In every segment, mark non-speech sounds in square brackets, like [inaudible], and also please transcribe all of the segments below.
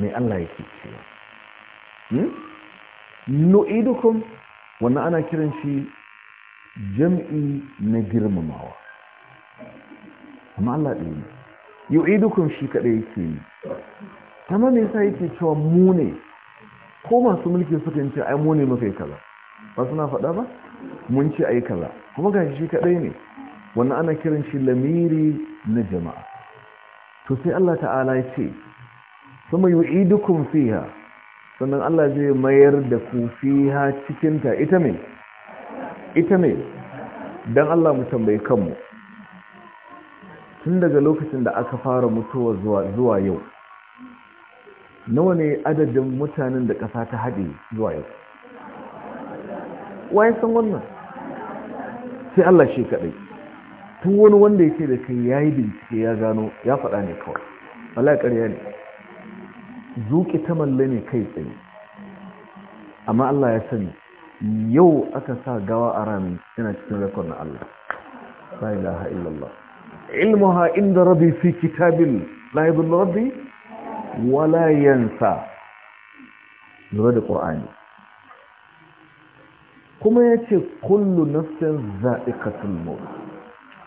mai Allah yake cewa hmm? nu'idukum wannan ana kiran shi jam'i na girmamawa amma Allah ɗaya ne yu'idukum shi kaɗai yake yi amma me yasa yake cewa mu ko masu mulki suka ce ai mu ne muka yi kaza ba suna faɗa ba mun ce ai kaza kuma ga shi kaɗai ne wannan ana kiran shi lamiri na jama'a to sai Allah ta'ala ya ce sama dukun fiha sannan Allah zai mayar da ku fiha cikin ita ne, ita dan Allah mu tambayi kanmu tun daga lokacin da aka fara mutuwa zuwa yau nawa ne adadin mutanen da ƙasa ta haɗe zuwa yau waye san wannan sai Allah shi kaɗai tun wani wanda yake da kai ya yi bincike ya gano ya faɗa ne kawai Allah ƙarya ne zuƙi ta malle ne kai tsaye amma Allah ya sani yau aka sa gawa a rami yana cikin rekod na Allah la ilaha illallah ilmuha inda rabbi fi kitabil la yadullu rabbi wala yansa lura da qur'ani kuma yace kullu nafsin za'iqatul maut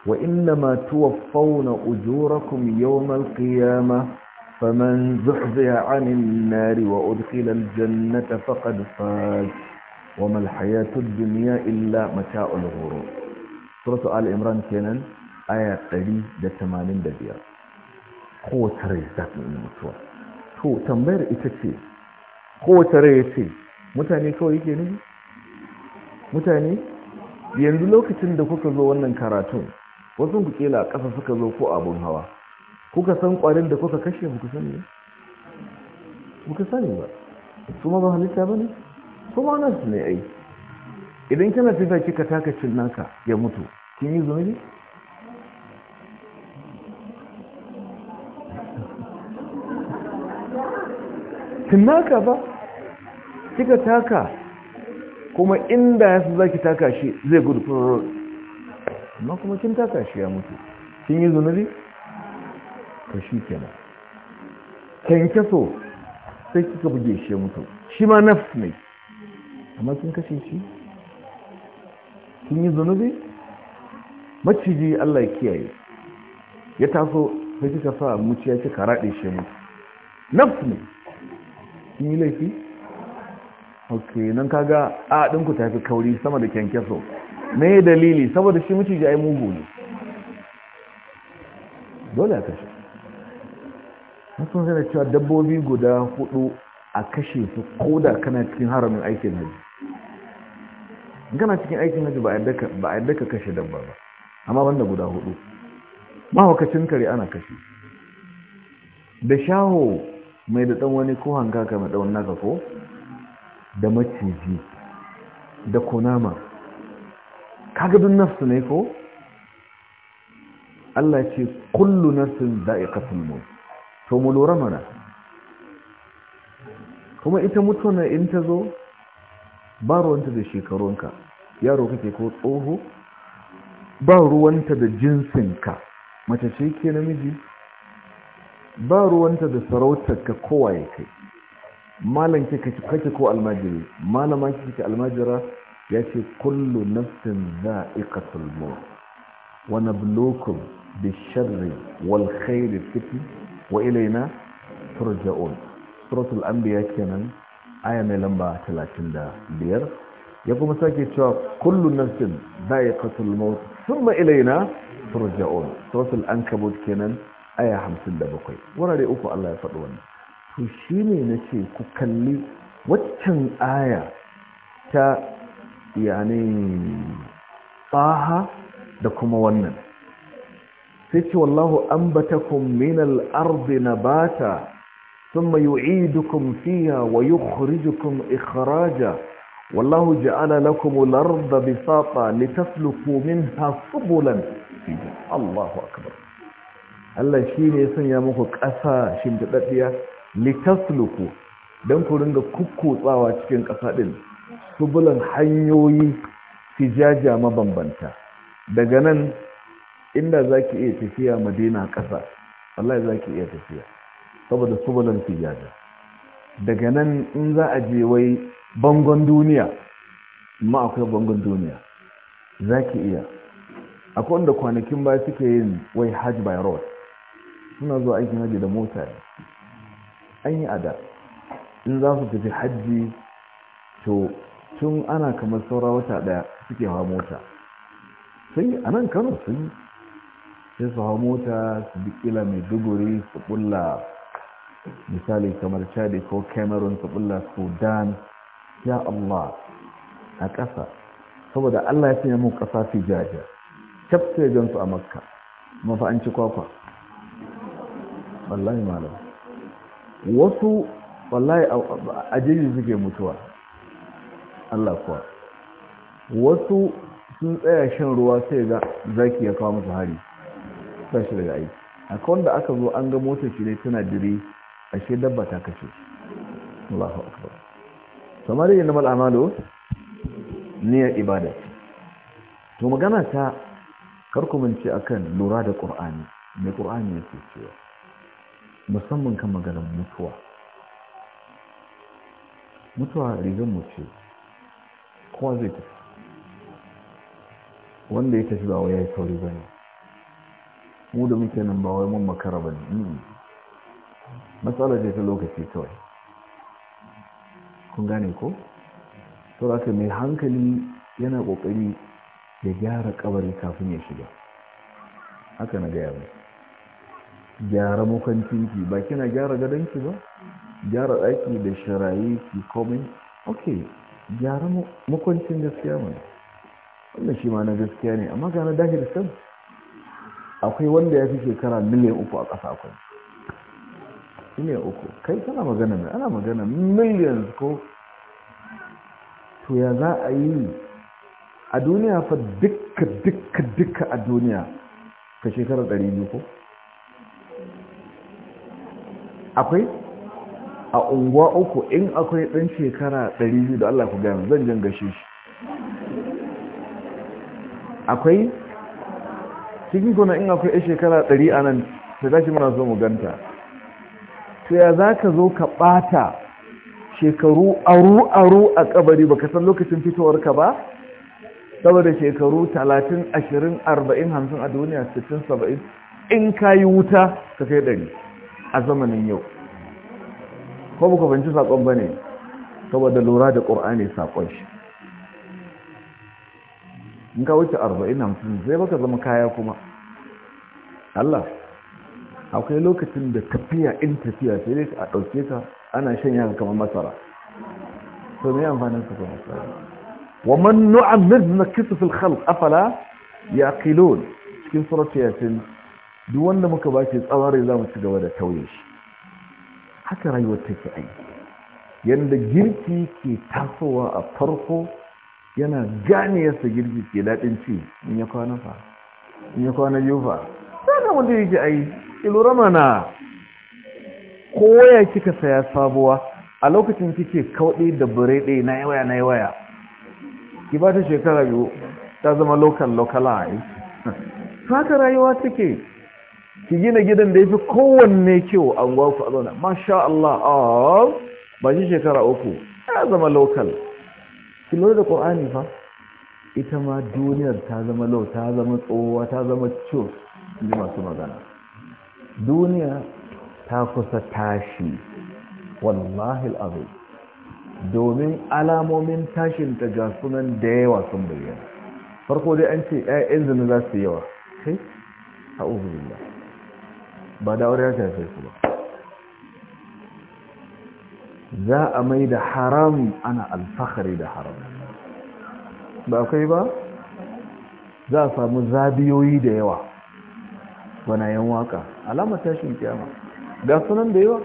wa innama tuwaffawna ujurakum yawmal qiyamah فمن زحزح عن النار وأدخل الجنة فقد فاز وما الحياة الدنيا إلا متاع الغرور سورة آل عمران كينان آية قليل دا تمانين دا بيار قوة ريزات من المتوى تو تنبير إتتي قوة ريزي متاني كو يجي متاني mutane yanzu lokacin da kuka zo wannan karatun wasu ku kila ƙasa suka zo ko kuka san kwarin da kuka kashe muka sani ba muka sani ba su ma ba halitta ba ne ma ana su ne ai idan kana tafiya kika taka cin naka ya mutu kin yi zunubi [laughs] cin naka ba kika taka kuma inda ya su za ki taka shi zai gudu amma kuma kin taka shi ya mutu kin yi zunubi to shi kenan kyankyaso sai kika buge shi ya mutu shi ma nafs ne amma sun kashe shi sun yi zunubi maciji Allah ya kiyaye ya taso sai kika sa ya kika raɗe shi ya mutu nafs ne sun yi laifi ok nan kaga a ɗinku ta fi kauri sama da kyankyaso yi dalili saboda shi maciji ai mugu ne dole a kashe sun zana cewa dabbobi guda hudu a kashe su ko da kana cikin haramin aikin hajji kana cikin aikin hajji ba a yadda ka kashe dabba ba amma banda guda hudu mahaukacin kare ana kashe da shaho mai da wani ko hankaka mai ɗan naka ko da maciji da kunama kagadun nafsu ne ko Allah ce kullu nafsin za'iqatul maut to mu lura mana kuma ita mutuwa in ta zo ba ruwanta da shekarunka yaro kake ko tsoho ba ruwanta da jinsinka mace ce ke namiji ba ruwanta da sarautarka kowa ya kai malam kake ko almajiri malama kake almajira ya ce kullu nafsin za'iqatul maut wa nabluukum bish-sharri wal khairi fitnah wa ilaina turja'un suratul anbiya kenan aya mai lamba 35 ya kuma sake cewa kullu nafsin dha'iqatul maut thumma ilaina turja'un suratul ankabut kenan aya 57 wurare uku Allah ya faɗi wannan to shine nace ku kalli waccan aya ta yani tsaha da kuma wannan sai ce wallahu ambatakum min al-ardi nabata thumma yu'idukum fiya wa yukhrijukum ikhraja wallahu ja'ala lakum al-arda lukumin litasluku minha subulan Allahu akbar Allah shine ya sanya muku ƙasa shimfidaddiya litasluku dan ku ringa kukkutsawa cikin ƙasa Su subulan hanyoyi fijaja mabambanta daga nan inda za ki iya tafiya madina ƙasa Allah za ki iya tafiya saboda subulan fijada daga nan in za a je wai bangon duniya ma akwai bangon duniya za ki iya akwai wanda kwanakin ba suke yin wai hajj by road suna zuwa aikin haji da mota ne an yi ada in za su tafi hajji to tun ana kamar saura wata ɗaya suke hawa mota sun yi a nan kano sun yi sai su hau mota su bi kila mai duguri su bulla misali kamar chadi ko cameroon su bulla sudan ya allah a ƙasa saboda allah ya sanya mun ƙasa fi jaja kyafta jansu a makka mafa an ci kwakwa wallahi malam wasu wallahi a jirgin suke mutuwa allah kuwa wasu sun tsaya shan ruwa sai ga zaki ya kawo musu hari sa shi daga aiki akwai wanda aka zo an ga motar shi ne tana dire ashe dabba ta kace Allahu akbar kamar yin namal niyyar ibada to magana ta karku mince akan lura da qur'ani me qur'ani yake cewa musamman kan maganar mutuwa mutuwa rigar mu ce kowa zai tafi wanda ya tafi ba wai ya yi sauri ba ne mu da muke nan ba wai mun makara ba ne hmm. matsala ce ta lokaci kawai kun gane ko haka mai hankali yana kokari ya gyara kabari kafin ya shiga haka na gaya mai gyara makwancinki ba kina gyara gadonki ba gyara ɗaki da sharayi ki komai ok gyara makwancin gaskiya mai wannan shi ma na gaskiya ne amma ga na da sam akwai wanda ya fi shekara miliyan uku a ƙasa akwai miliyan uku kai tana magana mai ana magana miliyan ko to ya za a yi a duniya fa dukka dukka dukka a duniya ka shekara ɗari biyu ko akwai a unguwa uku in akwai ɗan shekara ɗari biyu da Allah ku gaya zan jan gashe shi akwai cikin kuna in akwai shekara ɗari a nan ta tashi muna so mu ganta to ya za ka zo ka ɓata shekaru aru-aru a kabari baka san lokacin fitowarka ba saboda shekaru talatin, ashirin, arba'in, hamsin a duniya sittin, saba'in, in ka yi wuta ka kai ɗari a zamanin yau ko baka fahimci saƙon ba ne saboda lura da ƙur'ani saƙon shi in ka wuce arba'in hamsin zai baka zama kaya kuma Allah akwai lokacin da tafiya in tafiya sai dai a ɗauke ka? ana shan yaka kamar masara to me amfanin su masara wa man na kisa fil khalq afala yaqilun cikin surat yasin duk wanda muka ba shi tsawari za mu ci gaba da tauye shi haka rayuwar take ai yanda girki ke tasowa a farko yana gane yasa girki ke daɗin ci in ya kwana fa in ya kwana biyu fa sai da wanda yake ai ilura mana koya kika saya sabuwa a lokacin kike kaudi da bure ɗaya na yi waya na yi waya ki ba ta shekara biyu ta zama local localized [laughs] haka rayuwa take ki gina gidan da ya fi kowanne kyau an ku a zauna masha Allah ah, ba shi shekara uku ya zama local ki lura da qur'ani fa ita ma duniyar ta zama lau ta zama tsohuwa ta zama ciwo ji masu magana duniya ta kusa tashi wallahi al'azim domin alamomin tashin ta ga da yawa sun bayyana farko dai an ce ƴaƴan zina za su yawa kai a ubudullah ba da aure ya shafe su ba za a mai da haram ana alfahari da haram ba akwai ba za a samu zabiyoyi da yawa 'yan waka alamar tashin kiyama ga sunan da yawa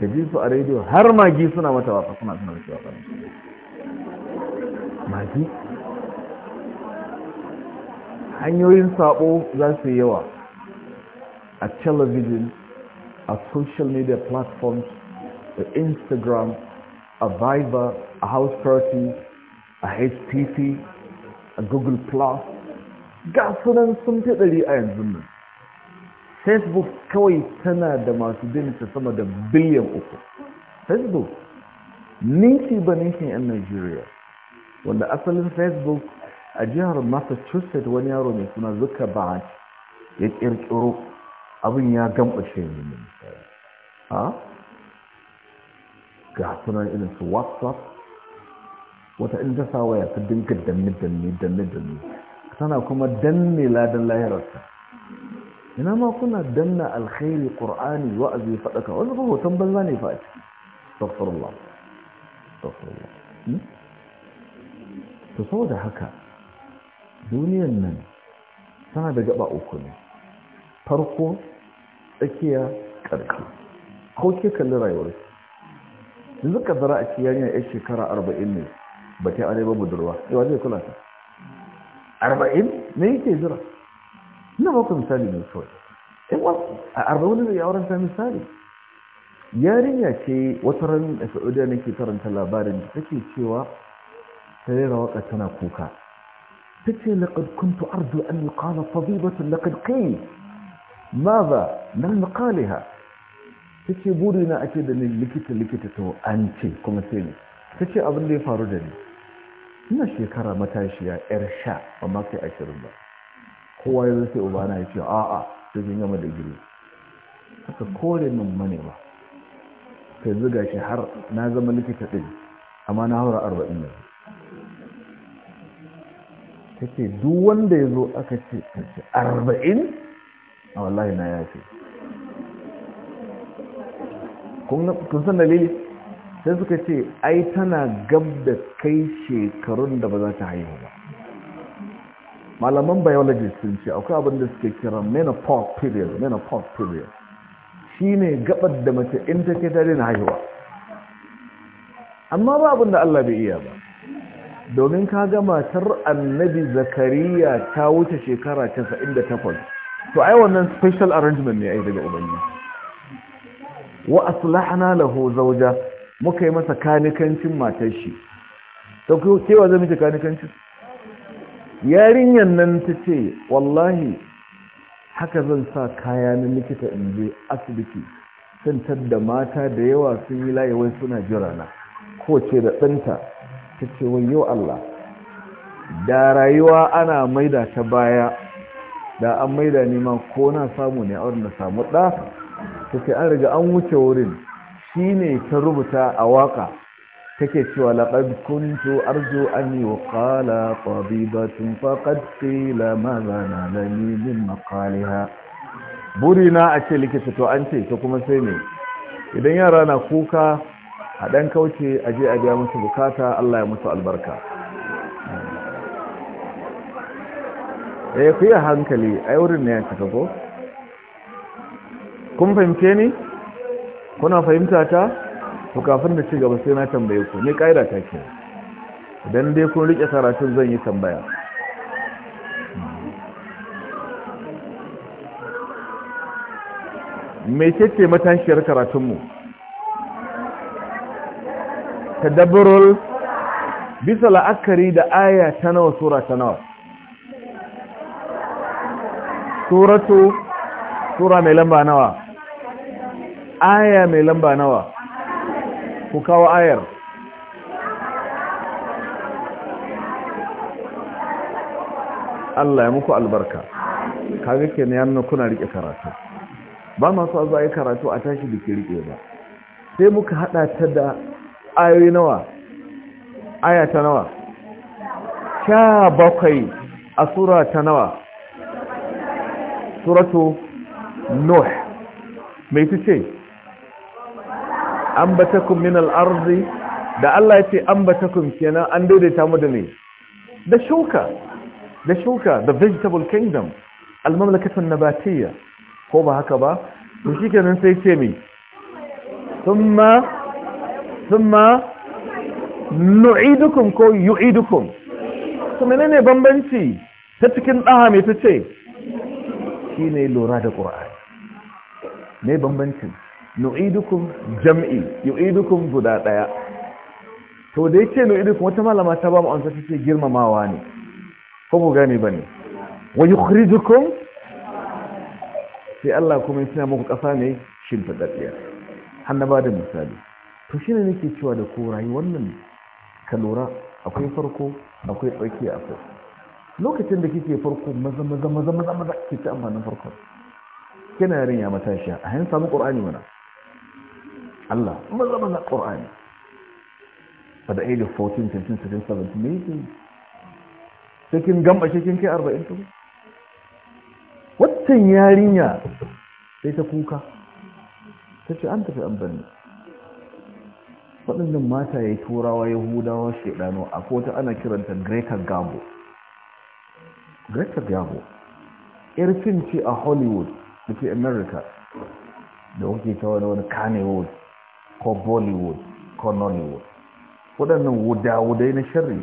ka ji su a rediyo har magi suna mata waka suna suna mata waka magi hanyoyin sabo za su yawa a television a social media platforms A Instagram, a Viber, a House Party, a HTT, a Google Plus, ga nan sun fi ɗari a yanzu nan. Facebook kawai tana da masu binta sama da biliyan uku. Facebook, ninki ba ninkin 'yan Najeriya, wanda asalin Facebook a jihar Massachusetts wani yaro mai suna zuka ba ya ƙirƙiro abin ya gamɓashe ne. Ha? ga sunan irin su whatsapp wata in ta sa waya ta dinka danne danne danne danne tana kuma danne ladan lahirarsa ina ma kuna danna alkhairi qur'ani wa'azi fadaka wanda ba hoton banza ne fa astaghfirullah astaghfirullah to saboda haka duniyan nan tana da gaba uku ne farko tsakiya ƙarfi ko ke kalli rayuwarki yanzu ka zara a ciyar yana yan shekara arba'in ne ba ta arewa budurwa yawa zai kula ta arba'in ne yake jira ina ba ku misali mai kawai in wa? a arba'in da yawon ta misali yarinya ce wata ran a saudiya nake karanta labarin da take cewa ta rera waka tana kuka ta ce laƙad kuntu ardu an yi ƙala tabibatun laƙad kai ماذا لم قالها ta ce buri ake da ni likita likita to an ce kuma sai ne ta ce abin da ya faru da ni ina shekara matashiya yar sha amma kai ashirin ba kowa ya zai uba na ya ce a'a sai kin gama da gini haka kore min manema sai zuga shi har na zama likita ɗin amma na haura arba'in ne. ta ce duk wanda ya zo aka ce arba'in a wallahi na yace. kun san dalili sai suka ce ai tana gab da kai shekarun da ba za ta haihu ba malaman biology sun ce akwai abin da suke kira menopause period menopause period shi ne gabar da mace in ta ke tare na haihuwa amma ba abin da Allah bai iya ba domin ka ga matar annabi zakariya ta wuce shekara 98 to ai wannan special arrangement ne ai daga ubangiji wa aslahna lahu zawja muka yi masa kanikancin matar shi to ko wa zamu miki kanikancin yarinyan nan tace wallahi haka zan sa kaya na likita in je asibiti sun da mata da yawa sun yi wai suna jira na kowace da ɗanta ta ce wayo Allah da rayuwa ana maida ta baya da an maida nema ko na samu ne a wurin samu ɗa ce an riga an wuce wurin Shi ne ta rubuta a waka take cewa laqad kuntu arzo an yuqala tabibatun faqad qila ma zana lani min buri burina a ce likita to an ce to kuma sai ne idan yara na kuka a ɗan kauce a je a biya musu bukata Allah ya musu albarka ya eh, ku yi hankali yi wurin ne ya cika ko kun fahimce ni kuna fahimta ta to kafin da ci gaba sai na tambaye ku ni kaida ta ke idan dai kun rike karatun zan yi tambaya mai ce matashiyar karatunmu ta tadabbarul bisa la'akari da aya ta nawa sura ta nawa suratu sura mai lamba nawa aya mai lamba nawa ku kawo ayar Allah ya muku albarka kaga na yana kuna rike karatu ba masu azu ayi karatu a tashi da ke rike ba sai muka hada ta da ayoyi nawa aya ta nawa sha bakwai a sura ta nawa suratu nuh mai ta ce ambatakum min al-ardi da Allah yace ambatakum kenan an daidaita mu da me da shuka da shuka the vegetable kingdom al-mamlakatu an-nabatiyya ko ba haka ba to shikenan sai ce me thumma thumma nu'idukum ko yu'idukum to menene bambanci ta cikin daha me tace shine lura da qur'ani me bambancin nu'idukum jam'i yu'idukum guda daya to da yake nu'idukum wata malama ta ba mu amsa ce girmamawa ne ko mu gane bane wa yukhrijukum sai Allah kuma ya tsaya muku kasa ne Hanna ba da misali to shine nake cewa da ko rayuwar wannan ka lura akwai farko akwai tsaki akwai lokacin da kike farko maza maza maza maza kike amfanin farko kina yarinya matashiya a hanyar samu qur'ani mana Allah maza maza ƙorani at the age of 14 15 16 17 sai kin gamba cikin kin kai 40 tun waccan yarinya sai ta kuka ta ce an tafi an bani waɗannan mata ya yi turawa yahudawa shaidano a kota ana kiranta greta gabo greta gabo cin ce a hollywood da ke america da wake ta wani wani kane ko bollywood ko nollywood waɗannan wudawudai na sharri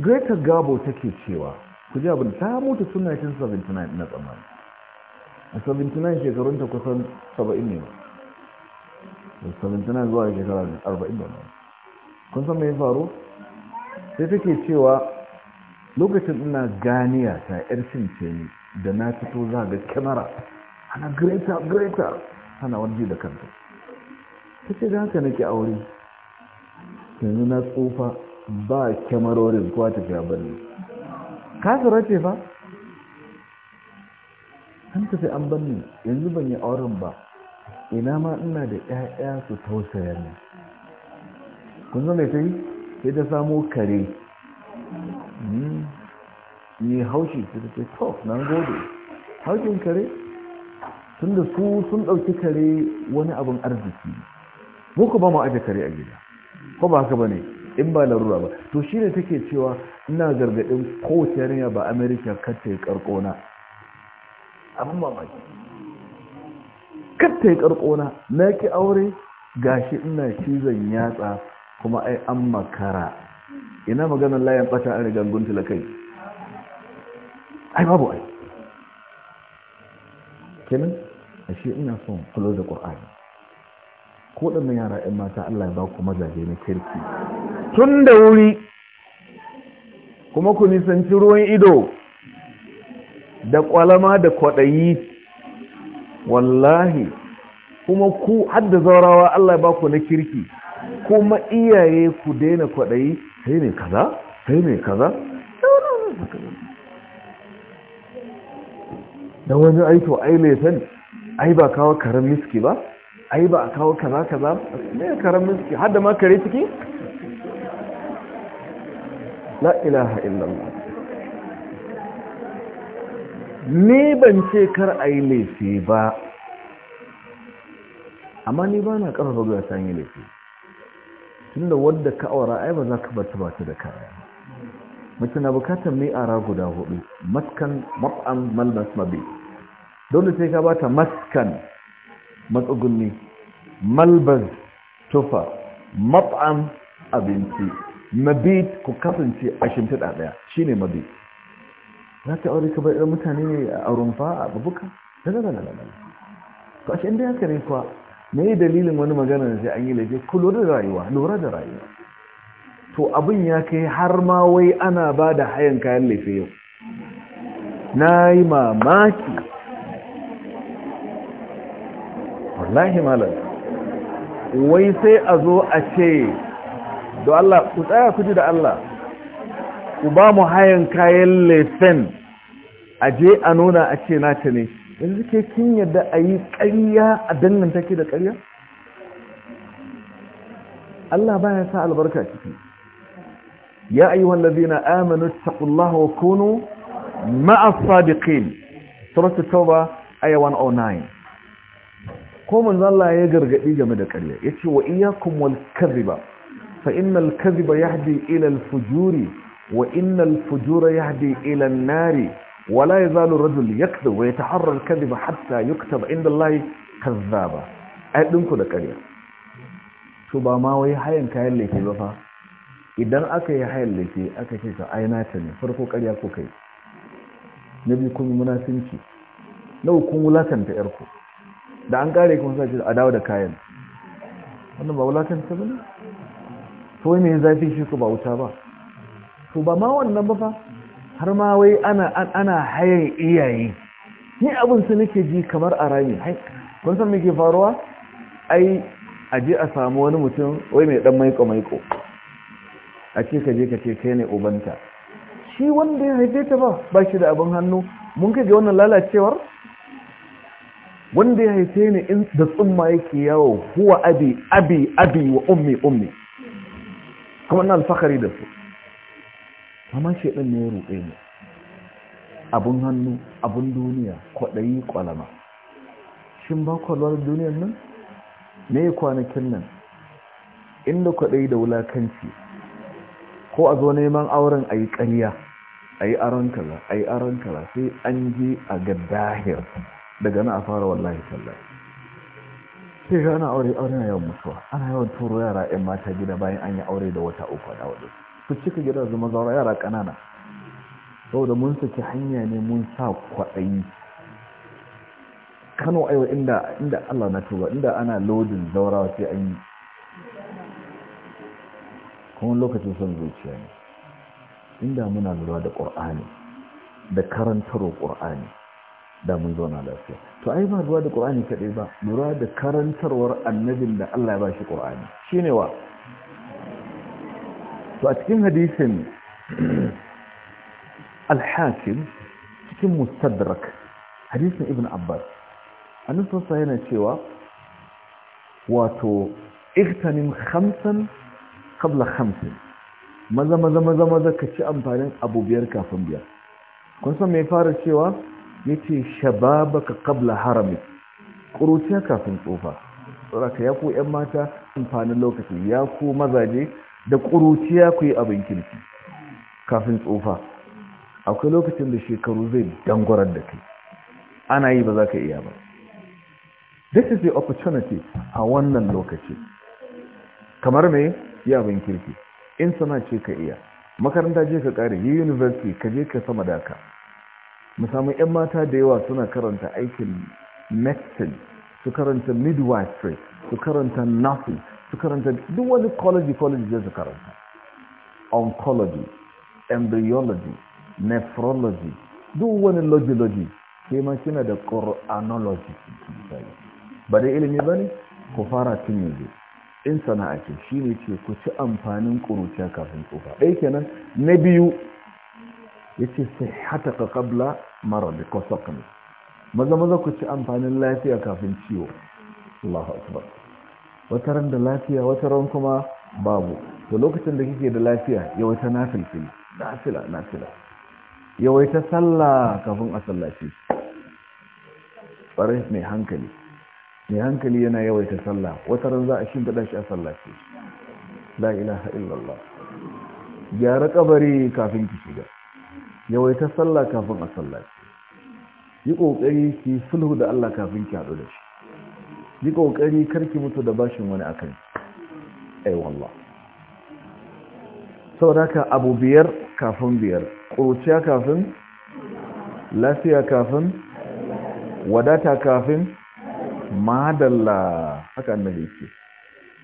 greta gabo take cewa ku ji abin ta mutu suna 1979 na tsamani a 79 shekarun ta kusan 70 ne ba 79 zuwa shekara 40 da kun san mai faru sai take cewa lokacin ina ganiya ta yar cince ni da na fito za ga kyamara ana greta greta hana wani da kanta ta ce da haka nake aure yanzu na tsufa ba kyamarorin kuwa tafiya bane kafirar ce fa an tafi an banni yanzu ban yi auren ba ina ma ina da 'ya'ya su tausaya ne kun zama ta yi sai ta samo kare hmm. ni haushi sai ta ce to nan gode haushin kare tunda su sun ɗauki kare wani abin arziki muku ba mu aje kare a gida ko ba haka ba ne in ba larura ba to shi ne take cewa ina gargaɗin kowace yarinya ba amerika kata ya ƙarƙona abin mamaki kata ya ƙarƙona na ki aure gashi ina cizon yatsa kuma ai an makara ina maganar layan ɓata an rigar guntula kai ai babu ai kenan ashe ina son kulo da ƙur'ani ko ɗan yara 'yan mata Allah ya ba ku mazaje na kirki tun da wuri kuma ku nisanci ruwan ido da ƙwalama da kwaɗayi wallahi kuma ku hadda zaurawa Allah ya ba ku na kirki kuma iyaye ku daina kwaɗayi sai ne kaza sai ne kaza da wani aito ai laifin ai ba kawo karen miski ba ai ba a kawo kaza kaza ne karen miski har da ma kare ciki la ilaha illallah ni ban ce kar a yi laifi ba amma ni ba na ƙarfafa ga san yi laifi Tun da wadda ka aura ai ba za ka bata ba ta da kaya mace na bukatar mai ara guda hudu matkan mab'an malbas mabi dole sai ka bata maskan matsugunni Malbaz, tufa mab'am abinci mabit ku kasance a shimfiɗa shi shine mabit za ta aure ka bai mutane ne a rumfa a babuka da da da da to ashe inda ya ne kuwa me dalilin wani magana da sai an yi laifi ku lura da rayuwa lura da rayuwa to abin ya kai har ma wai ana ba da hayan kayan laifi yau na yi mamaki wallahi malam wai sai a zo a ce da Allah ku tsaya ku da Allah ku ba mu hayan kayan lefen a je a nuna a ce nata ne yanzu ke kin yadda a yi ƙarya a danganta ke da ƙarya? Allah ba ya sa albarka ciki ya ayi wallazi na aminu taƙullah wa kunu ma'afa da ƙin surat tauba aya 109 ko manzo Allah ya gargadi game da ƙarya yace wa iyyakum wal kadhiba fa innal kadhiba yahdi ila fujuri wa innal fujura yahdi ila an nari wa la yazalu ar-rajul yakdhib wa yataharra al kadhiba hatta ba, inda Allah kadhaba ai ɗinku da ƙarya to ba ma wai hayan kayan laifi ba fa idan aka yi hayan laifi aka ce ka aina ta ne farko ƙarya ko kai nabi kun munafinci nau kun wulatanta yarku da an kare kuma sai a dawo da kayan wannan ba wulakan ta bane to wai me zafi shi ko ba wuta ba to ba ma wannan ba fa har ma wai ana ana hayan iyaye ni abin su nake ji kamar a rami kun san me ke faruwa ai a je a samu wani mutum wai mai dan maiko maiko a ce ka je ka ce kai ne ubanta shi wanda ya haife ta ba ba shi da abin hannu mun kai ga wannan lalacewar wanda ya haife ni in da tsumma yake yawo huwa abi abi abi wa ummi ummi kuma ina alfakari da su amma ɗin ne ya ruɗe ni abun hannu abun duniya kwaɗayi kwalama shin ba kwalwar duniyar nan me kwanakin nan inda kwaɗayi da wulakanci ko a zo neman auren a yi ƙarya a yi aron kaza a yi aron kaza sai an je a gaddahir daga na a fara wallahi tallahi sai ga ana aure aure na yawan mutuwa ana yawan turo yara yan mata gida bayan an yi aure da wata uku da wadda su cika gida su mazaura yara ƙanana saboda mun saki hanya ne mun sa kwaɗayi kano aiwa inda inda Allah na tuba inda ana lodin zaurawa sai an yi kuma lokacin son zuciya ne inda muna lura da ƙur'ani da karantarwa ƙur'ani da mun zauna lafiya to ai ba ruwa da qur'ani kadai ba lura da karantarwar annabin da Allah ya bashi qur'ani shine wa to a cikin hadisin [clears throat] al-hakim cikin mustadrak hadisin ibn abbas annabi sallallahu yana cewa wato igtanim khamsan kabla khamsin maza maza maza maza ka ci amfanin abu biyar kafin biyar kun san me fara cewa yace shababaka qabla harami kuruciya kafin tsufa saboda ya ku ƴan mata amfanin lokaci ya ko mazaje da kuruciya ku yi abin kirki kafin tsufa akwai lokacin da shekaru zai dangwarar da kai ana yi ba za ka iya ba this is the opportunity a wannan lokaci kamar mai yi abin kirki in sana ce ka iya makaranta je ka kare yi university ka je ka sama daka musamman 'yan mata da yawa suna karanta aikin medicine su karanta midwifery su karanta nursing su karanta duk wani college college zai su karanta oncology embryology nephrology duk wani logilogy sai ma kina da qur'anology ba da ilimi ba ne ku fara tun yanzu in sana'a ce shi ne ce ku ci amfanin kuruciya kafin tsufa ɗaya kenan na biyu ya ce sai ka ƙabla mara da kwasakan maza maza ku ci amfanin lafiya kafin ciwo Allah akbar wata ran da lafiya wata ran kuma babu Da lokacin da kike da lafiya yawaita nafilfil nafila nafila yawaita sallah kafin a sallaci ɓarai mai hankali mai hankali yana yawaita sallah wata ran za a shimfiɗa shi a sallaci la ilaha illallah gyara kabari kafin ki shiga yawaita sallah kafin a sallaci yi ƙoƙari ki sulhu da Allah kafin ki haɗu da shi yi ƙoƙari karki mutu da bashin wani akan ai wallah saboda abu biyar kafin biyar ƙuruciya kafin lafiya kafin wadata kafin madalla haka annabi yake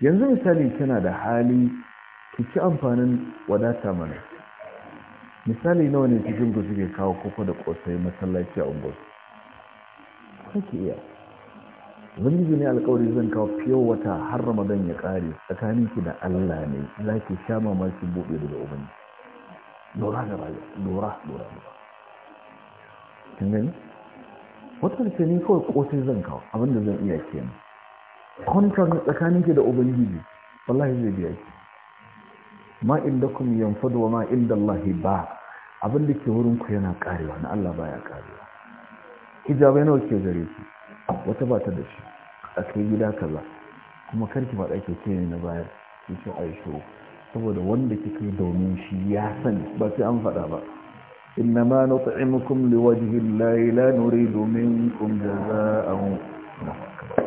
yanzu misali kina da hali ki ci amfanin wadata mana misali nawa ne cikin ku suke kawo koko da kosai masallaci a unguwar kake iya ubangiji ne alkawari zan kawo fiye wata har ramadan ya kare tsakanin ki da allah ne za ki sha mamaki buɗe daga ubani lura da rayuwa lura lura lura kin gani wata ce ni kawai kosai zan kawo abinda zan iya kenan kwanta tsakanin ki da ubangiji wallahi zai biya ki ma indakum yanfad wa ma indallahi ba abin da ke wurin ku yana karewa na Allah baya karewa hijabai nawa ke gare ku wata ba ta da shi a kai gida kaza kuma karki ba dake ce ne na bayar ki ce aisho saboda wanda kika yi domin shi ya sani ba sai an faɗa ba إنما نطعمكم لوجه الله لا نريد منكم جزاء الله أكبر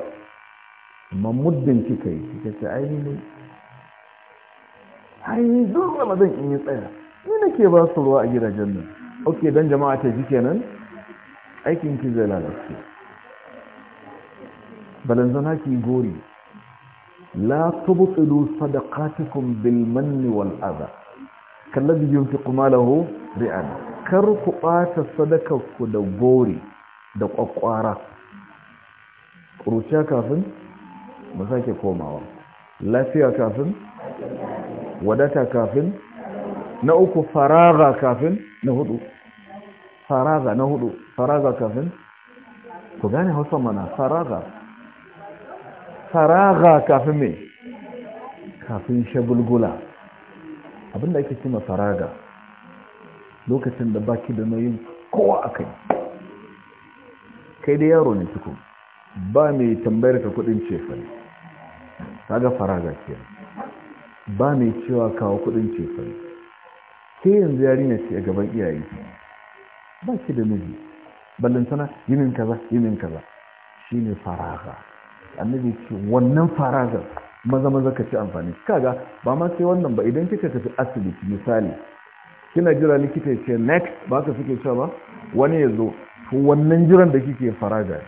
ممدن كيكي كيكي عيني har yi ramadan in yi tsaya ni nake ba su ruwa a gidajen nan ok don jama'a ta ji kenan aikin ki zai lalace balanzana ki gori la tubtilu sadaqatikum bil manni wal adha fi yunfiqu malahu ri'an kar ku ɓata sadakar ku da gori da kwakwara ruciya kafin mu sake komawa lafiya kafin wadata kafin na uku faraga kafin na hudu faraga na hudu faraga kafin ku gane hausa mana faraga faraga kafin me kafin shagulgula abinda ake cima faraga lokacin da baki da yin kowa a kai kai da yaro ne cikin ba mai tambayar ka kudin cefane ta ga faraga kenan ba mai cewa kawo kudin cefane Ke yanzu yarinya ce a gaban iyaye ba ki da miji ballantana min kaza min kaza ne faraga annabi ce wannan faragar maza maza ka ci amfani kaga ba ma sai wannan ba idan kika tafi asibiti misali kina jira likita ya ce next ba ka suke cewa ba wani ya zo wannan jiran da kike faraga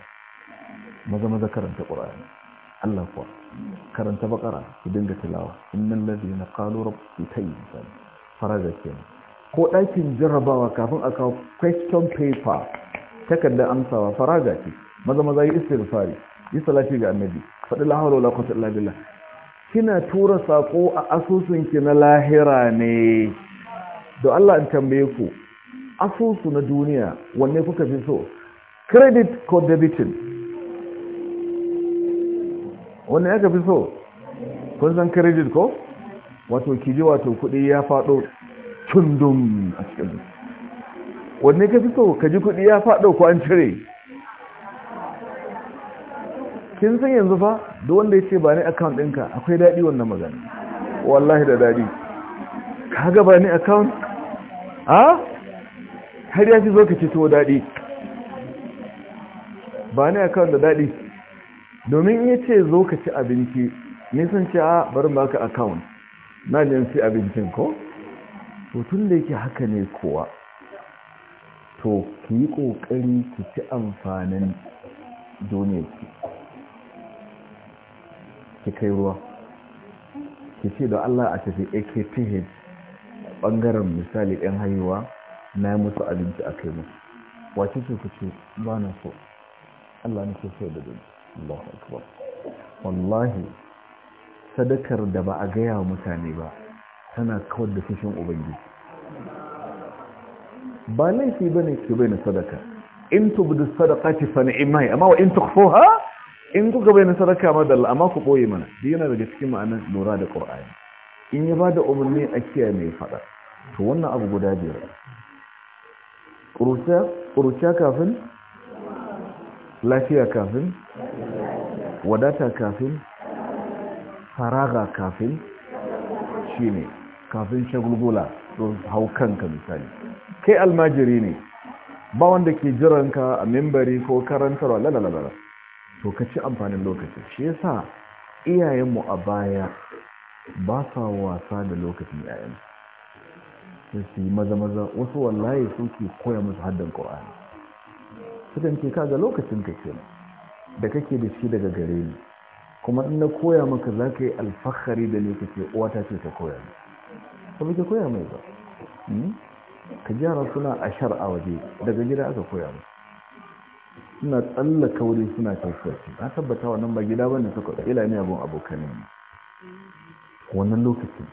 maza maza karanta qur'ani Allah kuwa karanta bakara ki dinga tilawa innal ladina qalu rabbi tayyiban faraja kenan ko ɗakin jarrabawa kafin a kawo question paper takardar amsawa faraja ce maza maza yi istighfari yi salati ga annabi faɗi la hawla wala quwwata illa kina tura sako a asusun ki na lahira ne da Allah an tambaye ku asusu na duniya wanne kuka fi so credit ko debiting wannan ya fi so kun san credit ko wato kiji wato kudi ya fado tundum a cikin wanne ka fi so ka ji kudi ya fado ko an cire kin san yanzu fa duk wanda ya ce ba ni account dinka akwai daɗi wannan magana wallahi da daɗi ka ba ni account ha har ya fi zo ka ce to daɗi ba ni account da daɗi domin ya ce zo ka ci abinci nisan ce a ah, barin ba ka account na jin ci abincin ko hutun da yake haka ne kowa to ki yi ƙoƙari ki ci amfanin duniyarki ki kai ruwa ki ce da Allah a tafi AKPH bangaren misali 'yan haihuwa na musu abinci a kai musu wace ce ku ce ba na so Allah na so sai da dunki wallahi sadakar da ba a gaya wa mutane ba tana kawar da fushin ubangiji ba laifi ba ne ke bai na sadaka in tubdu sadaqati fa sani'in mai amma wa in tukhfuha in kuka bai na sadaka madalla amma ku boye mana da yana daga cikin ma'anar lura da ƙur'ani. in ya ba da umarni a kiyaye mai faɗa to wannan abu guda biyar ƙuruciya kafin lafiya kafin wadata kafin faraga kafin shi ne kafin shagulgula don hau kanka misali kai almajiri ne ba wanda ke jiranka a mimbari ko karantarwa lalalalala to ka ci amfanin lokacin, shi yasa iyayenmu a baya ba sa wasa da lokacin yayin su su yi maza-maza wasu wallaye suke koya musu haddan ƙwa'ani su ka ga lokacin ka kenan da kake da shi daga gare ni kuma in na koya maka za ka yi alfahari da ne kake uwata ce ta koya ne ba ke koya mai ba hmm? ka jara suna a shar'a waje daga gida aka koya mu suna tsallaka wuri suna kasuwarci na tabbata wannan ba gida bane suka da ila ne abun abokan ne wannan lokacin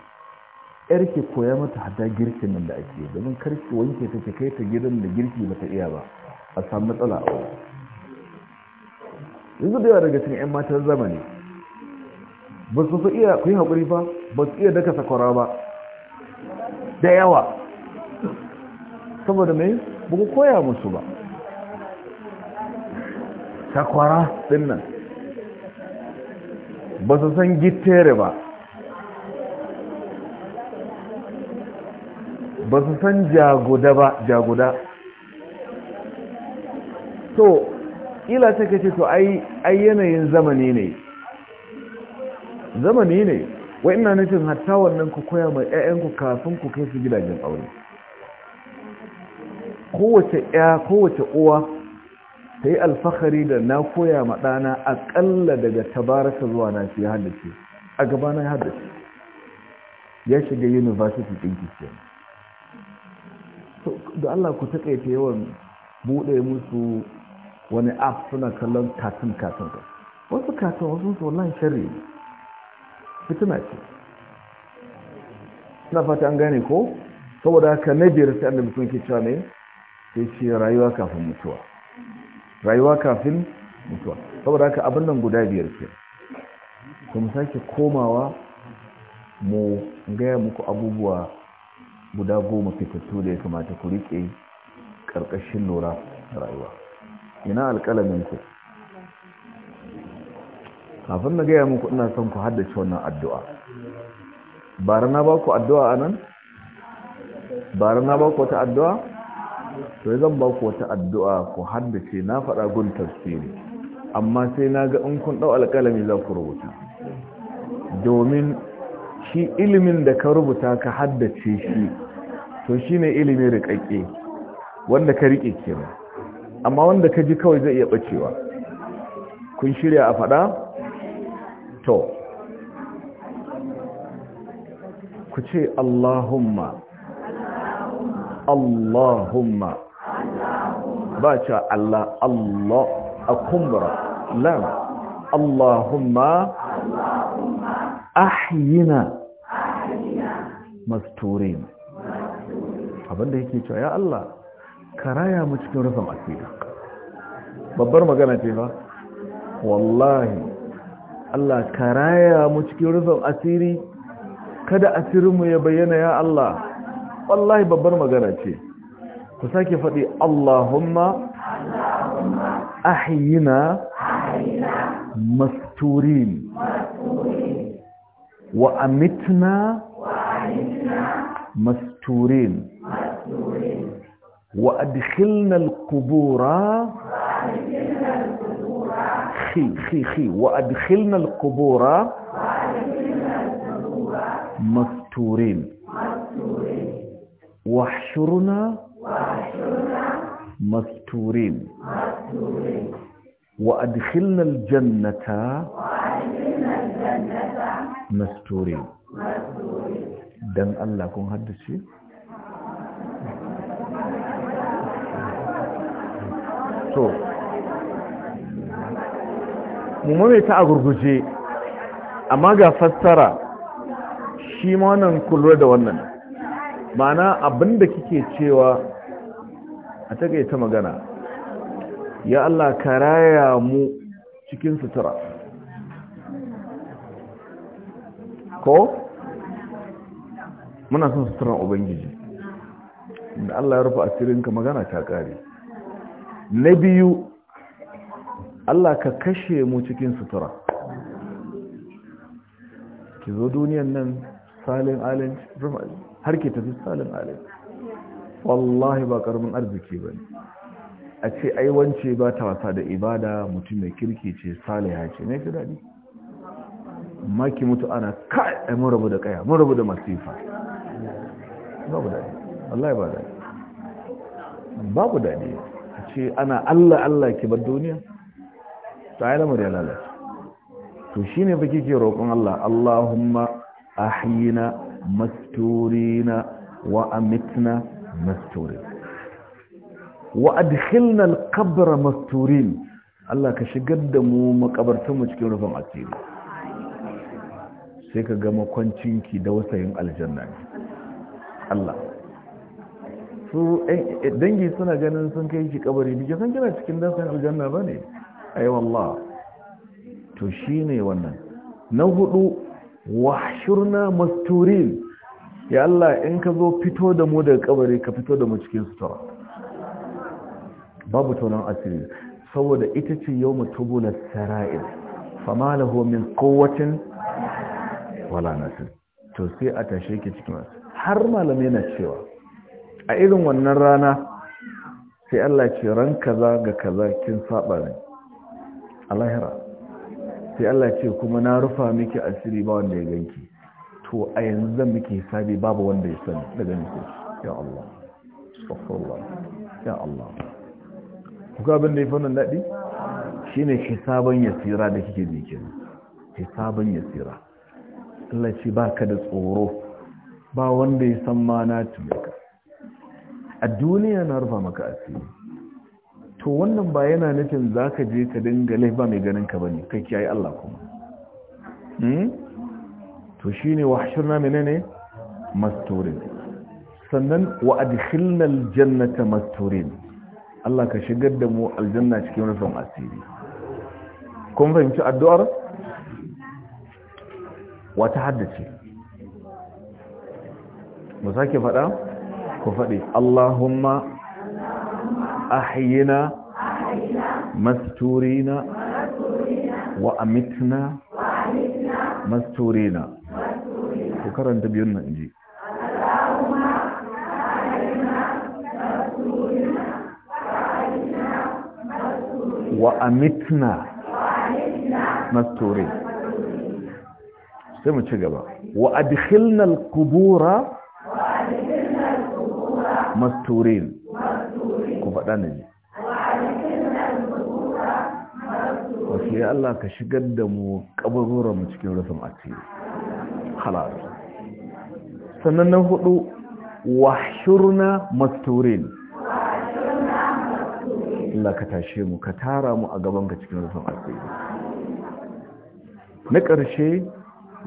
yar ke koya mata hada girki nan da ake domin karki wanke ta kai ta gidan da girki bata iya ba a samu matsala a wani yanzu da yawa daga cikin 'yan matan zamani ba su su iya ku yi haƙuri ba ba su iya daka sakwara ba da yawa saboda mai buku koya musu ba sakwara nan ba su san gittere ba ba su san jaguda ba jaguda to kila sai ka ce to ai ai yanayin zamani ne zamani ne wa ina nufin hatta wannan ku koya mai ƴaƴanku kafin ku kai su gidajen aure kowace ƴa kowace uwa ta yi alfahari da na koya ma ɗana aƙalla daga tabaraka zuwa na shi haddace a gaba na haddace ya shiga university ɗin kicin da Allah ku taƙaita yawan buɗe musu wani app suna kallon katin katin ka wasu katin wasu su wallahi shari fitina ce suna fata an gane ko saboda haka na biyar sai annabi mutum ke cewa ne sai ce rayuwa kafin mutuwa rayuwa kafin mutuwa saboda haka abin nan guda biyar ce, to mu sake komawa mu gaya muku abubuwa guda goma fitattu da ya kamata ku riƙe ƙarƙashin lura rayuwa ina alƙalaminku kafin na gaya muku ina son ku haddace wannan addu'a bari na ba ku addu'a a nan? bara na ba ku wata addu'a? to zan ba ku wata addu'a ku haddace na faɗa gun tafsiri amma sai na ga in kun ɗau alƙalami za ku rubuta domin shi ilimin da ka rubuta ka haddace shi to shi ne ilimin riƙaƙe wanda ka riƙe kenan amma wanda ka ji kawai zai iya bacewa kun shirya a faɗa? to ku ce Allahumma Allahumma ba ce Allah Allah a kumbura lam Allahumma ahyina masturin abinda yake cewa ya Allah karaya mu cikin rufin asiri babbar magana ce ba wallahi Allah karaya mu cikin rufin asiri kada asirinmu ya bayyana ya Allah wallahi babbar magana ce ku sake faɗi Allahumma ahyina masturin wa amitna masturin وأدخلنا القبور خي خي خي وأدخلنا القبور مستورين واحشرنا مستورين وأدخلنا الجنة مستورين دم الله كون هدسي to mummune ta a gurguje amma ga fassara shi ma nan kullura da wannan ma'ana abinda kike cewa a takaita magana ya Allah ka mu cikin sutura ko muna son suturan ubangiji da Allah ya rufe ka magana ta kare na biyu Allah ka kashe mu cikin sutura ki zo duniyan nan salin alin har ki tafi salin alin wallahi ba karamin arziki ba a ce aiwance ba ta wasa da ibada mutum mai kirki ce saliha ce mai fi daɗi maki mutu ana kai mun rabu da kaya mun rabu da masifa babu daɗi wallahi ba daɗi babu daɗi ce ana Allah Allah ki bar duniya ta yi lamar ya lalace to shi ne fa kike roƙon Allah Allahumma ahina masturina wa amitna masturin wa adkhilna al masturin Allah ka shigar da mu makabartun mu cikin rufin asiri sai ka ga makwancinki da wasayin aljanna Allah su eh, eh, dangi suna ganin sun kai shi kabari bikin san kina cikin dasan aljanna ba ne ai to shine wannan na hudu wahshurna masturin ya Allah in ka zo fito da mu daga kabari ka fito da mu cikin sutura babu tonon asiri saboda ita ce yau na sara'il fama lahu min kowacin wala nasir to sai a tashe ki cikin wasu har malamai na cewa a irin wannan rana sai Allah ce ran kaza ga kaza kin saba ne a lahira sai Allah ce kuma na rufa miki asiri ba wanda ya ganki to a yanzu zan miki hisabi babu wanda ya sani daga nake ya Allah astaghfirullah ya Allah kuka abin da ya fi wannan daɗi shi ne hisaban yasira da kike jikin hisabin yasira Allah ce ba ka da tsoro ba wanda ya san ma na tumaka a duniya na rufa maka asiri to wannan ba yana nufin za ka je ka dinga ba mai ganin ka bane kai kiyaye Allah kuma hmm? to shi ne shine mene menene masturin sannan wa jannata jannata masturin Allah ka shigar da mu aljanna cikin rufin asiri kun fahimci addu'ar wata haddace mu sake faɗa ku faɗi Allahumma ahyina masturina wa amitna masturina ku karanta biyun nan ji wa amitna masturina sai mu ci gaba wa adkhilna al-qubura masturin ku faɗa ne ne. wasu ya Allah ka shigar da mu mu cikin rufin asiri halar sannan na hudu washurna masturin Allah ka tashe mu ka tara mu a gabanka cikin rufin asiri na ƙarshe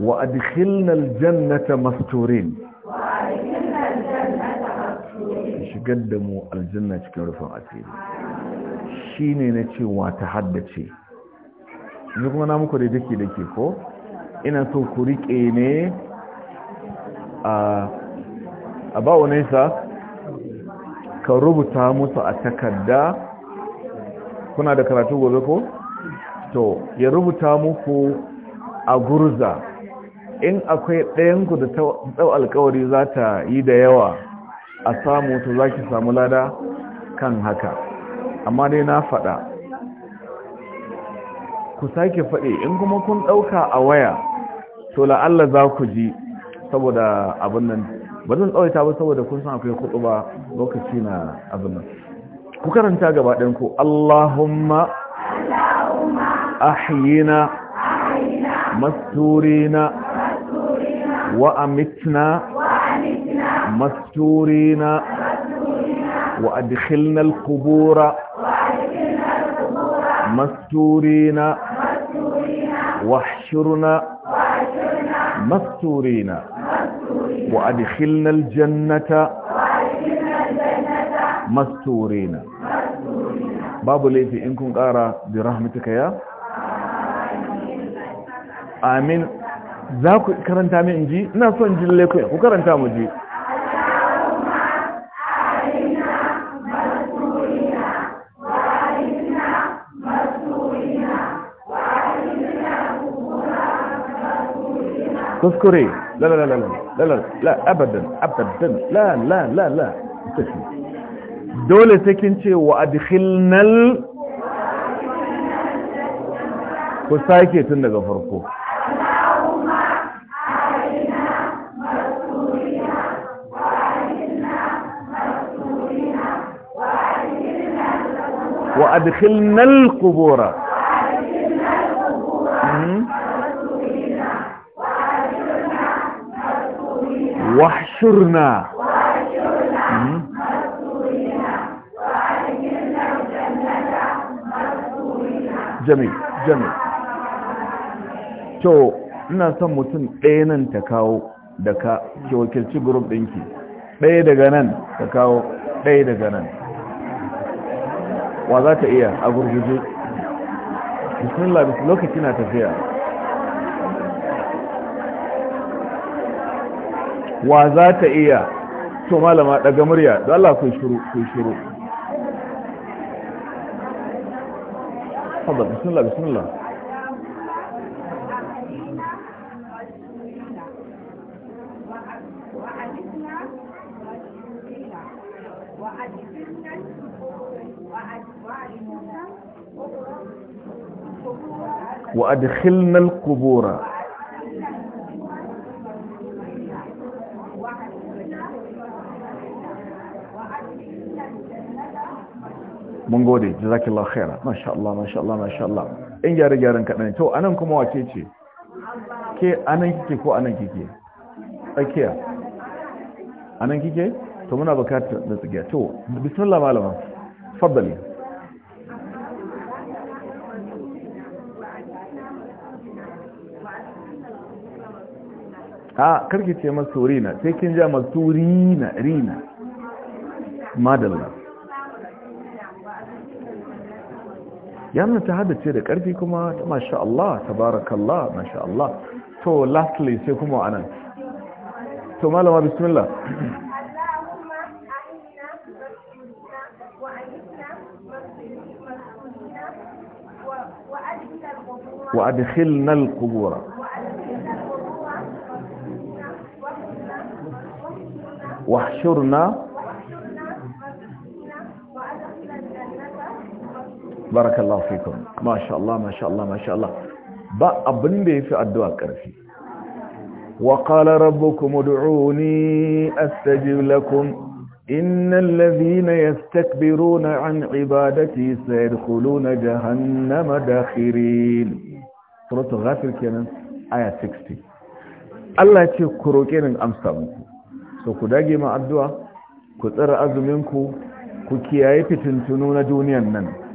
wa adkhilna aljannata masturin shigar mu aljanna cikin rufin asiri shi ne na cewa ta haddace yanzu kuma na muku da dake dake ko ina so ku riƙe ne a ba nesa ka rubuta musu a takarda kuna da karatu gobe ko? to ya rubuta muku a gurza in akwai ɗayanku da tsawo alkawari za ta yi da yawa a samu to za ki samu lada kan haka amma dai na faɗa ku sake faɗi in kuma kun ɗauka a waya to la'alla za ku ji saboda abin nan ba zan tsawaita ba saboda kun san akwai kudu ba lokaci na abin nan ku karanta gaba ɗin ku Allahumma ahyina masturina wa amitna مستورين وأدخلنا القبور مستورين واحشرنا مستورين وأدخلنا الجنة مستورين باب لي في إنكم أرى برحمتك يا آمين ذاك كرنتامي إنجي ناسو نعم، إنجي لكو كرنتامي إنجي تذكري لا لا لا لا لا لا لا أبدا أبدا لا لا لا لا استشمي دولة تكنشي وأدخلنا ال كسايكي تندق فرقو وأدخلنا القبور wahshurna jami jami to ina son mutum ɗaya nan ta kawo da ka ke wakilci gurup ɗinki ɗaya daga nan ta kawo ɗaya daga nan wa za ta iya a gurguje bismillah lokaci na tafiya wa za ta iya to malama daga murya da Allah ku shiru ku shiru Allah bismillah bismillah وأدخلنا القبور mun gode jazakallahu khaira masha Allah masha Allah masha Allah in gyara gyaran kaɗan to anan kuma wace ce ke anan kike ko anan kike tsakiya anan kike to muna bukatar da tsakiya to bismillah malama faddali a karki ce masu rina sai kin ja masu rina rina madalla ya nuna ta haddace da ƙarfi kuma masha Allah tabarakallah masha Allah to lastly sai kuma anan to malama bismillah وأدخلنا القبور واحشرنا barakallahu fikum masha Allah masha Allah masha Allah ba abin da yafi addu'a karfi wa qala rabbukum ud'uni astajib lakum innal ladhina yastakbiruna an ibadati sayadkhuluna jahannama dakhirin surat ghafir kenan aya 60 Allah ya ce ku roke ni amsa muku so ku dage ma addu'a ku tsara azumin ku ku kiyaye fitintunu na duniyan nan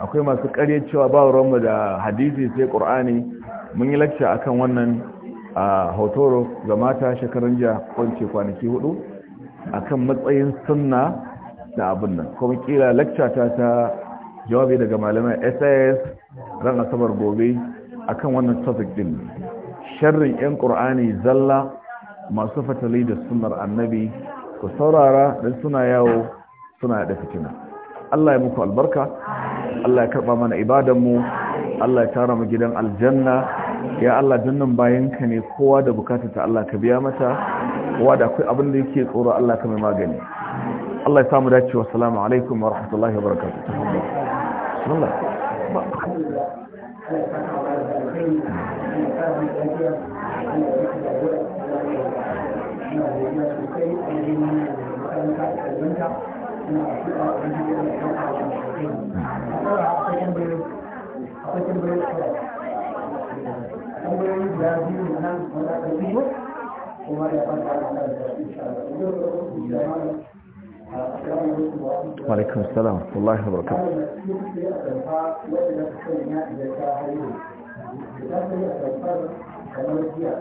akwai masu ƙarya cewa ba ruwanmu da hadisi sai ƙur'ani mun yi lakca akan wannan a hotoro ga mata shekarun jiya kwanci kwanaki hudu akan matsayin sunna da abin nan kuma kila lakca ta ta jawabi daga malamar sas ran asabar gobe akan wannan topic din sharrin yan ƙur'ani zalla masu fatali da sunnar annabi ku saurara don suna yawo suna da fitina Allah ya muku albarka Allah ya karba mana ibadanmu Allah ya tara mu gidan aljanna ya Allah dinnan bayanka ne kowa da bukatarta Allah ka biya mata kowa da akwai abin da yake tsoro Allah ka mai magani Allah ya samu dacewa assalamu alaikum wa rahmatullahi wa barakatuh bismillah guda biyu nan wanda salam, Allah ya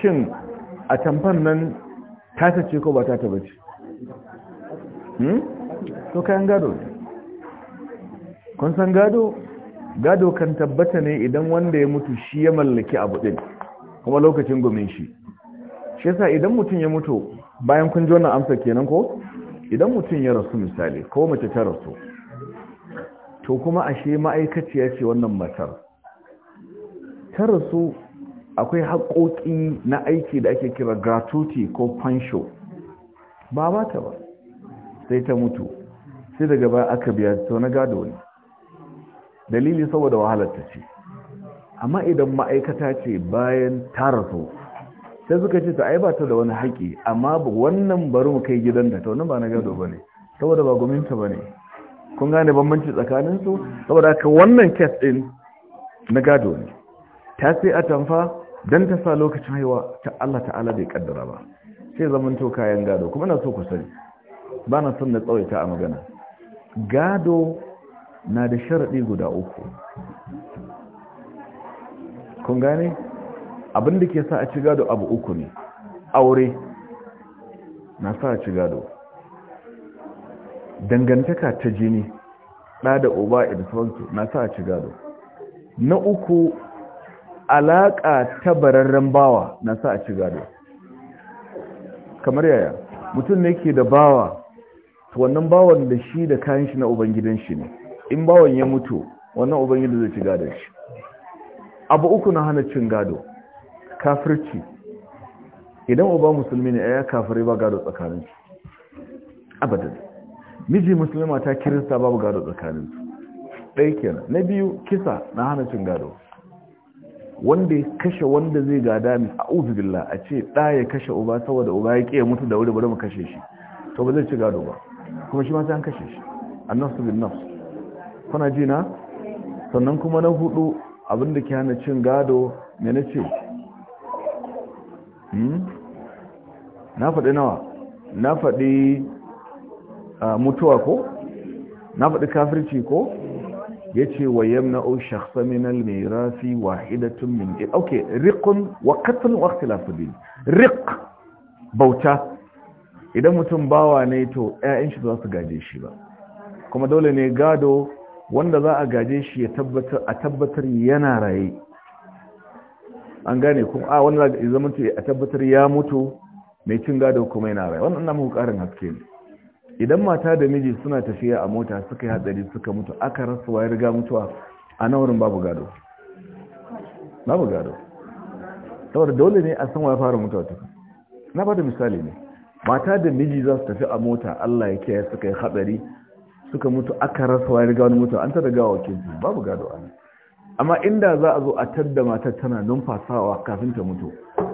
Shin a tamfan nan tata ce ko ba tata ba ce hmm? to kayan gado kun san gado gado kan tabbata ne idan wanda ya mutu shi ya mallaki abu din kuma lokacin gumin shi shi yasa idan mutum ya mutu bayan kun ji wannan amsa kenan ko idan mutum ya rasu misali ko mace ta rasu to kuma ashe ma'aikaciya ce wannan matar ta rasu akwai haƙoƙi na aiki da ake kira gratuity ko fansho ba ba ta ba sai ta mutu sai daga baya aka biya ta na gado ne dalili saboda wahalar ta ce amma idan ma'aikata ce bayan ta rasu sai suka ce ta ai ba ta da wani haƙi amma wannan bari mu kai gidan da ta wani ba na gado ba ne saboda ba gominta ba ne kun gane bambanci tsakaninsu saboda ka wannan kes ɗin na gado ne ta sai a tamfa don ta sa lokacin haihuwa, ta Allah ta'ala bai kaddara ba sai zaman to kayan gado kuma na so ku sani ba na son na tsawaita a magana gado na da sharaɗi guda uku kun gane abinda ke sa a ci gado abu uku ne aure na sa a ci gado dangantaka ta jini ɗa da uba da sauransu na sa a ci gado na uku alaƙa ta bararren bawa na sa a ci gado kamar yaya mutum ne ke da bawa to wannan bawan da shi da kayan shi na ubangidan shi ne in bawan ya mutu wannan ubangidan zai ci gadon shi abu uku na hana cin gado kafirci idan uba musulmi ne ya kafirai ba gado tsakanin su abadan miji musulmi mata kirista babu gado tsakanin su ɗaya kenan na biyu kisa na hana cin gado wanda ya kashe wanda zai gada a uzu billah a ce ɗaya ya kashe uba saboda uba ya ƙiya mutu da wuri bari mu kashe shi to ba zai ci gado ba kuma shi ma sai an kashe shi annasu bin nafs kuna ji na sannan kuma na hudu abin da ke hana cin gado ne na ce hmm? na faɗi nawa na faɗi ah, mutuwa ko na faɗi kafirci ko ya ce wa yamna o shakhsa min almirasi wahidatun min ok riqun wa qatl wa ikhtilafu riq bauta idan mutum bawa ne to ƴaƴan shi za su gaje shi ba kuma dole ne gado wanda za a gaje shi ya tabbatar a tabbatar yana raye an gane kuma a wanda zama a tabbatar ya mutu mai cin gado kuma yana raye wannan na mu karin haske ne idan mata da miji suna tafiya a mota suka yi hatsari suka mutu aka rasu wa ya riga mutuwa a wurin babu gado babu gado saboda dole ne a san wa ya fara mutuwa ta na bada misali ne mata da miji za su tafi a mota Allah ya kiyaye suka yi hatsari suka mutu aka rasu wa ya riga wani mutuwa an ta daga wakil babu gado a amma inda za a zo a tadda matar tana numfasawa kafin ta mutu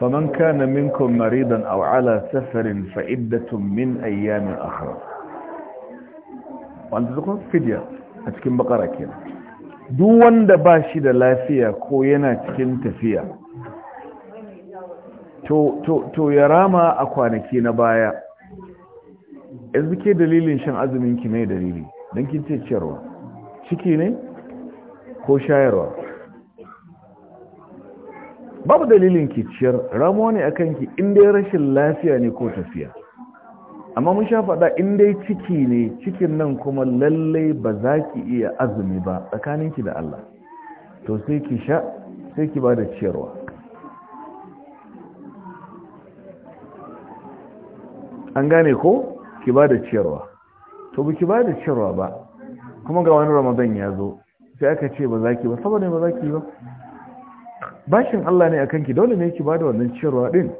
فمن كان منكم مريضا أو على سفر فعدة من أيام أخرى وأنت تقول فدية أتكين بقرة كنا دو وند باشي دا لافية كوينا تكين تفية to, to, to ya rama a kwanaki na baya yanzu ke dalilin shan azumin ki mai dalili don kin ce ciyarwa ciki ne ko shayarwa babu dalilin ki ciyar ramuwa ne a kanki in dai rashin lafiya ne ko tafiya amma mun sha faɗa in dai ciki ne cikin nan kuma lallai ba za ki iya azumi ba tsakaninki da Allah to sai ki sha sai ki ba da ciyarwa an gane ko ki ba da ciyarwa to ba ki ba da ciyarwa ba kuma ga wani ramadan ya zo sai aka ce ba za ki ba saboda ba za ki ba bashin Allah ne a kanki, dole ne ki bada wannan ciyarwa din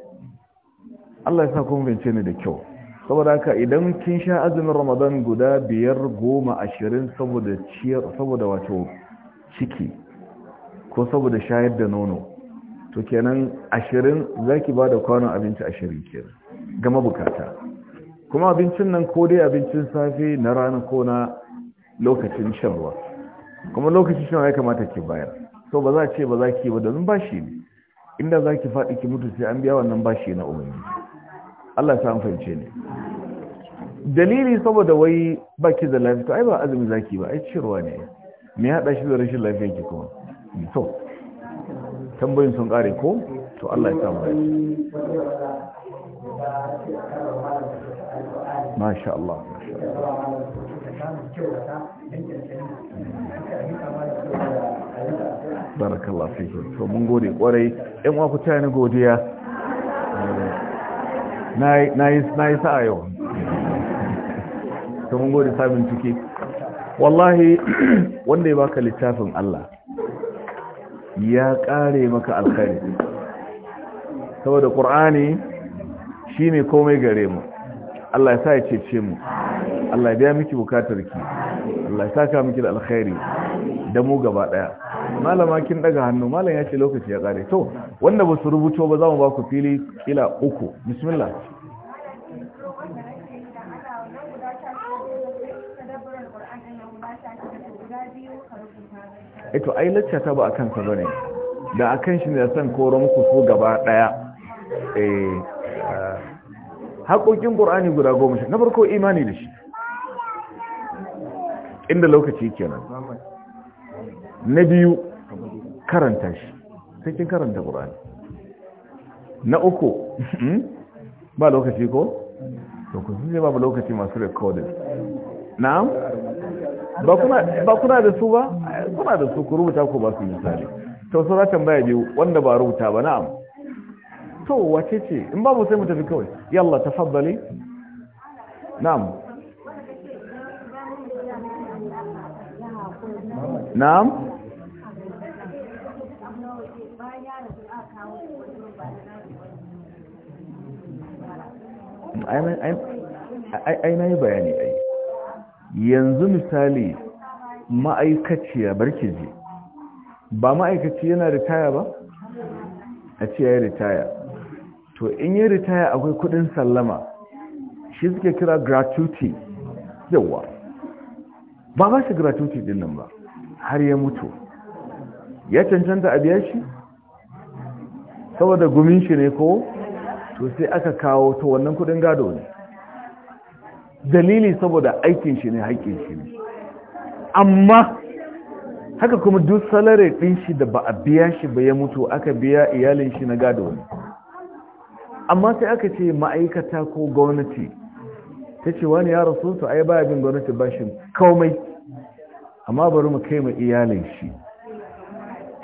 Allah ya sa kuma bince ni da kyau saboda haka idan kin sha azumin Ramadan guda biyar goma ashirin saboda ciyar saboda wato ciki ko saboda shayar da nono to kenan ashirin zaki bada kwanon abinci ashirin kenan ga mabukata kuma abincin nan ko dai abincin safe na rana ko na lokacin shan ruwa kuma lokacin shan ruwa ya kamata ki bayar to ba za ce ba za ki ba da domin bashi ne inda za ki faɗi ki mutu sai an biya wannan bashi na umarni Allah sa an fahimce ne dalili saboda wai baki da lafiya to ai ba azumi za ki ba ai cirwa ne me ya haɗa shi da rashin lafiya ki kuma to tambayin sun ƙare ko to Allah ya samu rai masha Allah masha Allah barakallahu fiki to mun gode kwarai yan wa ku ta ni godiya nayi nayi sa'a yau to mun gode sabin ciki wallahi [clears throat] wanda ya baka littafin Allah ya kare maka alkhairi saboda qur'ani shine komai gare mu Allah ya sa ya cece mu Allah ya biya miki bukatarki Allah ya saka miki da alkhairi da mu gaba daya malama kin daga hannu malam ya ce lokaci ya kare to wanda ba su rubuto ba za mu ba ku fili kila uku bismillah eto eh ai lacca ta ba akan sa ne. da akan shi ne san koro muku su gaba daya eh, haƙoƙin ƙorani guda goma shi na farko imani da shi inda lokaci ke nan. na biyu karanta shi sai kin karanta qur'ani na uku hmm? ba lokaci ko to ku sai babu lokaci masu recording na'am ba kuna ba kuna da su ba kuna da su ku rubuta ko ba su misali to sauran tambaya biyu wanda ba rubuta ba na'am to wace ce in babu sai mu tafi kawai yalla tafaddali na'am na'am ai na yi bayani ai yanzu misali ma'aikaciya barkiji ba ma'aikaci yana ritaya ba a ce ya ritaya to in yi ritaya akwai kudin sallama shi suke kira gratuity yawa ba ba shi gratuity din ba har ya mutu ya cancanta a biya shi saboda gumin shi ne ko to sai aka kawo to wannan kudin gado ne dalili saboda aikin shi ne haƙƙin shi ne amma haka kuma duk salare ɗin shi da ba a biya shi ba ya mutu aka biya iyalin shi na gado ne amma sai aka ce ma'aikata ko gwamnati ta ce wani ya rasu su ai baya bin gwamnati bashin komai amma bari mu kai ma iyalin shi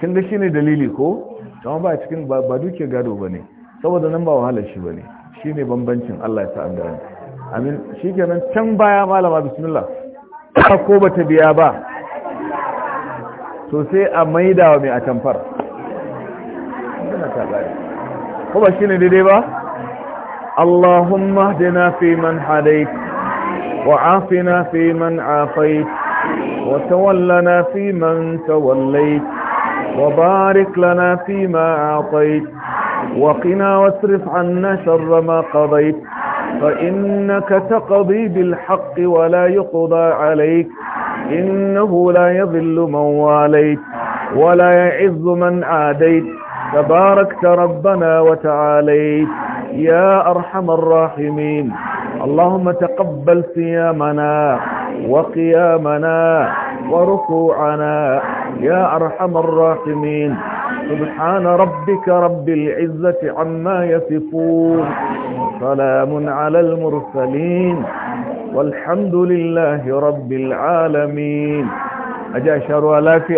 kin da shine dalili ko amma ba cikin ba duke gado bane saboda nan ba wahalar shi bane shine bambancin Allah ya ta'ala gani amin shikenan can baya malama bismillah [coughs] ko bata biya ba to sai a maida wa mai atamfar ko ba shine daidai ba Allahumma hdina fi man hadayt wa afina fi man afayt وتولنا فيمن توليت وبارك لنا فيما أعطيت وقنا واصرف عنا شر ما قضيت فإنك تقضي بالحق ولا يقضى عليك إنه لا يذل من واليت ولا يعز من عاديت تباركت ربنا وتعاليت يا أرحم الراحمين اللهم تقبل صيامنا وقيامنا وركوعنا يا أرحم الراحمين سبحان ربك رب العزة عما يصفون سلام على المرسلين والحمد لله رب العالمين أجأ شر لا في